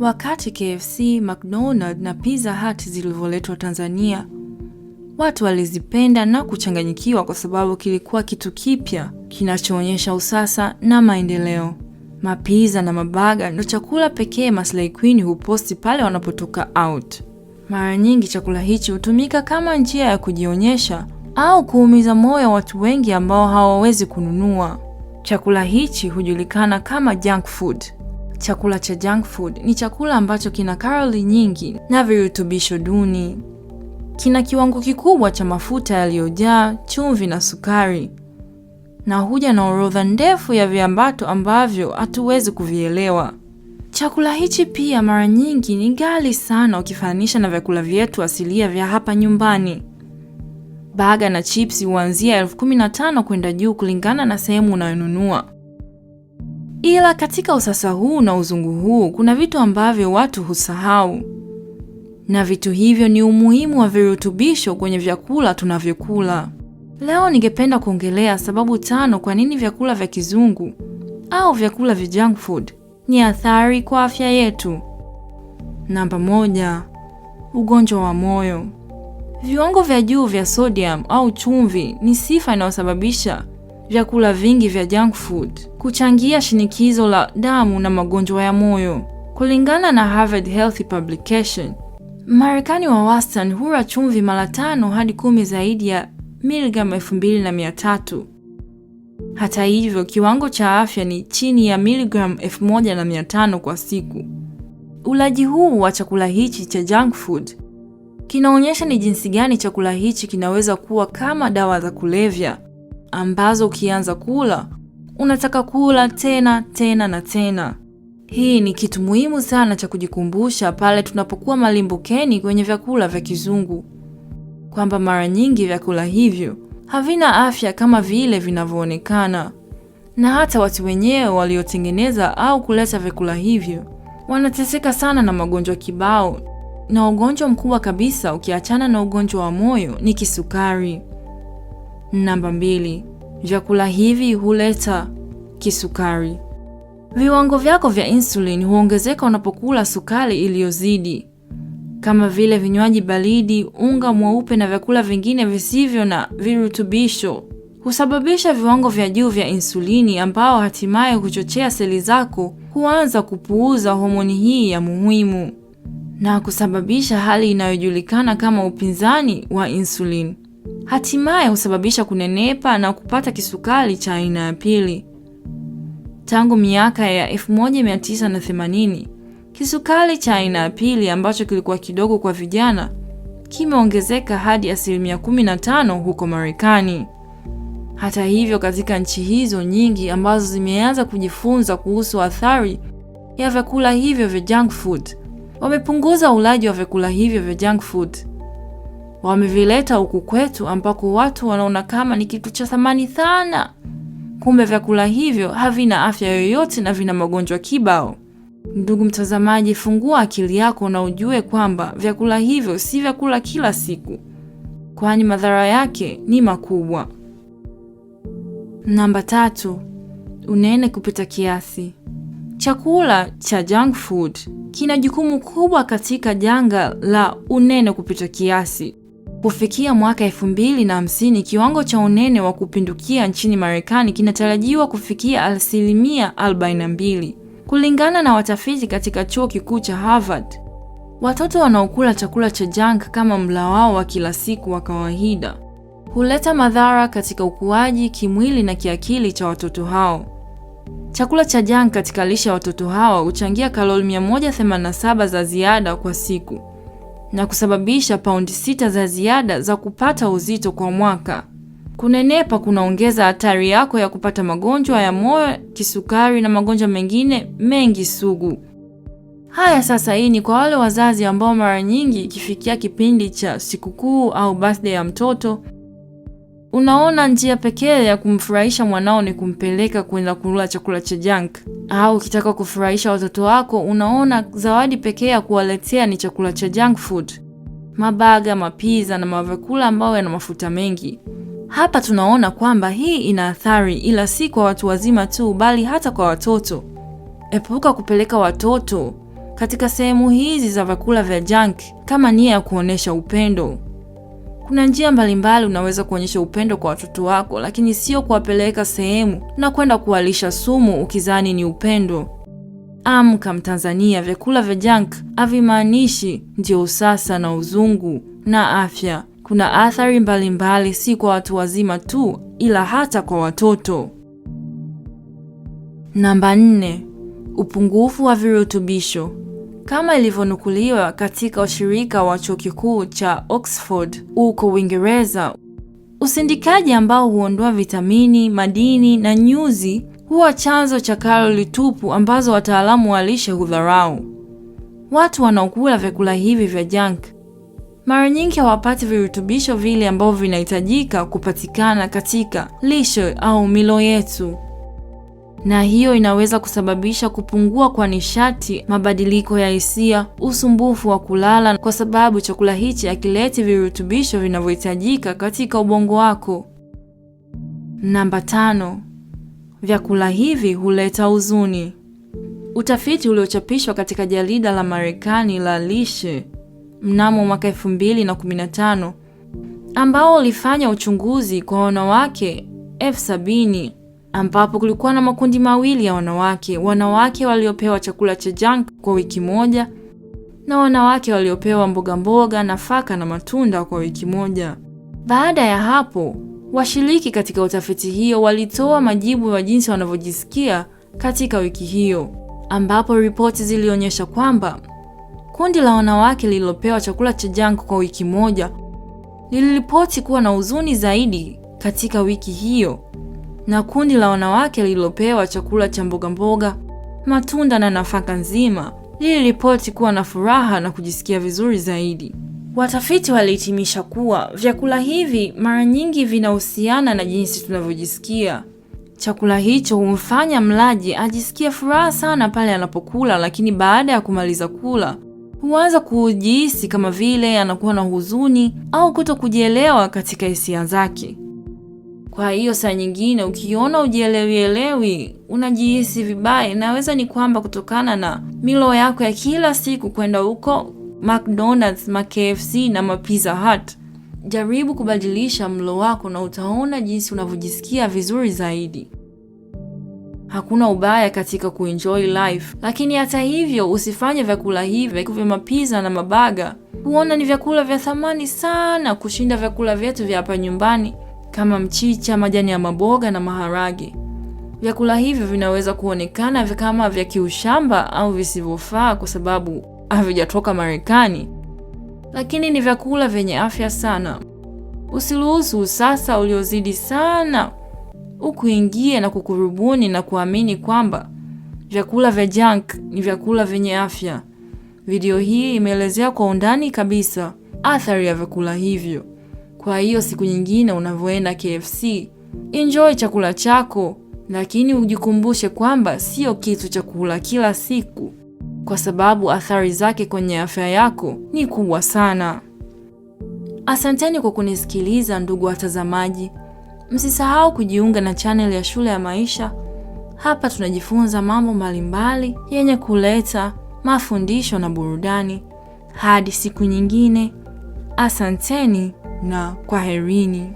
Wakati KFC, McDonald na Pizza Hut zilivyoletwa Tanzania, watu walizipenda na kuchanganyikiwa kwa sababu kilikuwa kitu kipya kinachoonyesha usasa na maendeleo. Mapiza na mabaga ndo chakula pekee Maslai Queen huposti pale wanapotoka out. Mara nyingi chakula hichi hutumika kama njia ya kujionyesha au kuumiza moyo watu wengi ambao hawawezi kununua. Chakula hichi hujulikana kama junk food. Chakula cha junk food ni chakula ambacho kina karoli nyingi na virutubisho duni. Kina kiwango kikubwa cha mafuta yaliyojaa chumvi na sukari, na huja na orodha ndefu ya viambato ambavyo hatuwezi kuvielewa. Chakula hichi pia mara nyingi ni ghali sana ukifananisha na vyakula vyetu asilia vya hapa nyumbani. Baga na chipsi huanzia elfu kumi na tano kwenda juu kulingana na sehemu unayonunua. Ila katika usasa huu na uzungu huu kuna vitu ambavyo watu husahau, na vitu hivyo ni umuhimu wa virutubisho kwenye vyakula tunavyokula. Leo ningependa kuongelea sababu tano kwa nini vyakula vya kizungu au vyakula vya junk food ni athari kwa afya yetu. Namba moja, ugonjwa wa moyo. Viwango vya juu vya sodium au chumvi ni sifa inayosababisha vyakula vingi vya junk food, kuchangia shinikizo la damu na magonjwa ya moyo. Kulingana na Harvard Health Publication, Marekani wa wastani hula chumvi mara tano hadi kumi zaidi ya miligramu elfu mbili na mia tatu. Hata hivyo, kiwango cha afya ni chini ya miligramu elfu moja na mia tano kwa siku. Ulaji huu wa chakula hichi cha junk food kinaonyesha ni jinsi gani chakula hichi kinaweza kuwa kama dawa za kulevya ambazo ukianza kula unataka kula tena tena na tena. Hii ni kitu muhimu sana cha kujikumbusha pale tunapokuwa malimbukeni kwenye vyakula vya kizungu, kwamba mara nyingi vyakula hivyo havina afya kama vile vinavyoonekana, na hata watu wenyewe waliotengeneza au kuleta vyakula hivyo wanateseka sana na magonjwa kibao, na ugonjwa mkubwa kabisa ukiachana na ugonjwa wa moyo ni kisukari. Namba mbili, vyakula hivi huleta kisukari. Viwango vyako vya insulin huongezeka unapokula sukari iliyozidi kama vile vinywaji baridi, unga mweupe na vyakula vingine visivyo na virutubisho husababisha viwango vya juu vya insulini ambao hatimaye huchochea seli zako huanza kupuuza homoni hii ya muhimu na kusababisha hali inayojulikana kama upinzani wa insulini hatimaye husababisha kunenepa na kupata kisukari cha aina ya pili. Tangu miaka ya 1980 kisukari cha aina ya pili ambacho kilikuwa kidogo kwa vijana kimeongezeka hadi asilimia 15 huko Marekani. Hata hivyo, katika nchi hizo nyingi ambazo zimeanza kujifunza kuhusu athari ya vyakula hivyo vya junk food, wamepunguza ulaji wa vyakula hivyo vya junk food wamevileta huku kwetu ambako watu wanaona kama ni kitu cha thamani sana. Kumbe vyakula hivyo havina afya yoyote na vina magonjwa kibao. Ndugu mtazamaji, fungua akili yako na ujue kwamba vyakula hivyo si vyakula kila siku, kwani madhara yake ni makubwa. Namba tatu, unene kupita kiasi. Chakula cha junk food kina jukumu kubwa katika janga la unene kupita kiasi. Kufikia mwaka elfu mbili na hamsini kiwango cha unene wa kupindukia nchini Marekani kinatarajiwa kufikia asilimia 42, kulingana na watafiti katika chuo kikuu cha Harvard. Watoto wanaokula chakula cha junk kama mla wao wa kila siku wa kawaida huleta madhara katika ukuaji kimwili na kiakili cha watoto hao. Chakula cha junk katika lishe ya watoto hawa huchangia kalori 187 za ziada kwa siku na kusababisha paundi sita za ziada za kupata uzito kwa mwaka. Kunenepa kunaongeza hatari yako ya kupata magonjwa ya moyo, kisukari na magonjwa mengine mengi sugu. Haya sasa, hii ni kwa wale wazazi ambao mara nyingi ikifikia kipindi cha sikukuu au birthday ya mtoto Unaona, njia pekee ya kumfurahisha mwanao ni kumpeleka kwenda kula chakula cha junk. Au ukitaka kufurahisha watoto wako, unaona zawadi pekee ya kuwaletea ni chakula cha junk food, mabaga, mapiza na mavyakula ambayo yana mafuta mengi. Hapa tunaona kwamba hii ina athari, ila si kwa watu wazima tu, bali hata kwa watoto. Epuka kupeleka watoto katika sehemu hizi za vyakula vya junk kama nia ya kuonyesha upendo. Kuna njia mbalimbali unaweza kuonyesha upendo kwa watoto wako, lakini sio kuwapeleka sehemu na kwenda kuwalisha sumu ukizani ni upendo. Amka Mtanzania, vyakula vya junk havimaanishi ndio usasa na uzungu na afya. Kuna athari mbalimbali mbali, si kwa watu wazima tu, ila hata kwa watoto. Namba nne, upungufu wa virutubisho. Kama ilivyonukuliwa katika ushirika wa chuo kikuu cha Oxford huko Uingereza, usindikaji ambao huondoa vitamini, madini na nyuzi huwa chanzo cha kalori tupu ambazo wataalamu wa lishe hudharau. Watu wanaokula vyakula hivi vya junk mara nyingi hawapati virutubisho vile ambavyo vinahitajika kupatikana katika lishe au milo yetu na hiyo inaweza kusababisha kupungua kwa nishati, mabadiliko ya hisia, usumbufu wa kulala, kwa sababu chakula hichi hakileti virutubisho vinavyohitajika katika ubongo wako. Namba tano, vyakula hivi huleta huzuni. Utafiti uliochapishwa katika jarida la Marekani la lishe mnamo mwaka 2015 ambao ulifanya uchunguzi kwa wanawake elfu sabini ambapo kulikuwa na makundi mawili ya wanawake, wanawake waliopewa chakula cha junk kwa wiki moja na wanawake waliopewa mboga mboga, nafaka na matunda kwa wiki moja. Baada ya hapo, washiriki katika utafiti hiyo walitoa majibu ya jinsi wanavyojisikia katika wiki hiyo, ambapo ripoti zilionyesha kwamba kundi la wanawake lililopewa chakula cha junk kwa wiki moja liliripoti kuwa na huzuni zaidi katika wiki hiyo na kundi la wanawake lililopewa chakula cha mbogamboga, matunda na nafaka nzima liliripoti kuwa na furaha na kujisikia vizuri zaidi. Watafiti walihitimisha kuwa vyakula hivi mara nyingi vinahusiana na jinsi tunavyojisikia. Chakula hicho humfanya mlaji ajisikie furaha sana pale anapokula, lakini baada ya kumaliza kula huanza kujihisi kama vile anakuwa na huzuni au kuto kujielewa katika hisia zake. Kwa hiyo saa nyingine ukiona ujielewielewi, unajihisi vibaya, inaweza ni kwamba kutokana na milo yako ya kila siku kwenda huko McDonald's, maKFC na maPizza Hut. Jaribu kubadilisha mlo wako na utaona jinsi unavyojisikia vizuri zaidi. Hakuna ubaya katika kuenjoy life, lakini hata hivyo usifanye vyakula hivi vya mapiza na mabaga huona ni vyakula vya thamani sana kushinda vyakula vyetu vya hapa nyumbani kama mchicha, majani ya maboga na maharage. Vyakula hivyo vinaweza kuonekana kama vya kiushamba au visivyofaa kwa sababu havijatoka Marekani, lakini ni vyakula vyenye afya sana. Usiruhusu usasa uliozidi sana ukuingie na kukurubuni na kuamini kwamba vyakula vya junk ni vyakula vyenye afya. Video hii imeelezea kwa undani kabisa athari ya vyakula hivyo. Kwa hiyo siku nyingine unavyoenda KFC, enjoy chakula chako, lakini ujikumbushe kwamba sio kitu cha kula kila siku, kwa sababu athari zake kwenye afya yako ni kubwa sana. Asanteni kwa kunisikiliza ndugu watazamaji. Msisahau kujiunga na chaneli ya Shule ya Maisha. Hapa tunajifunza mambo mbalimbali yenye kuleta mafundisho na burudani. Hadi siku nyingine, asanteni na kwaherini.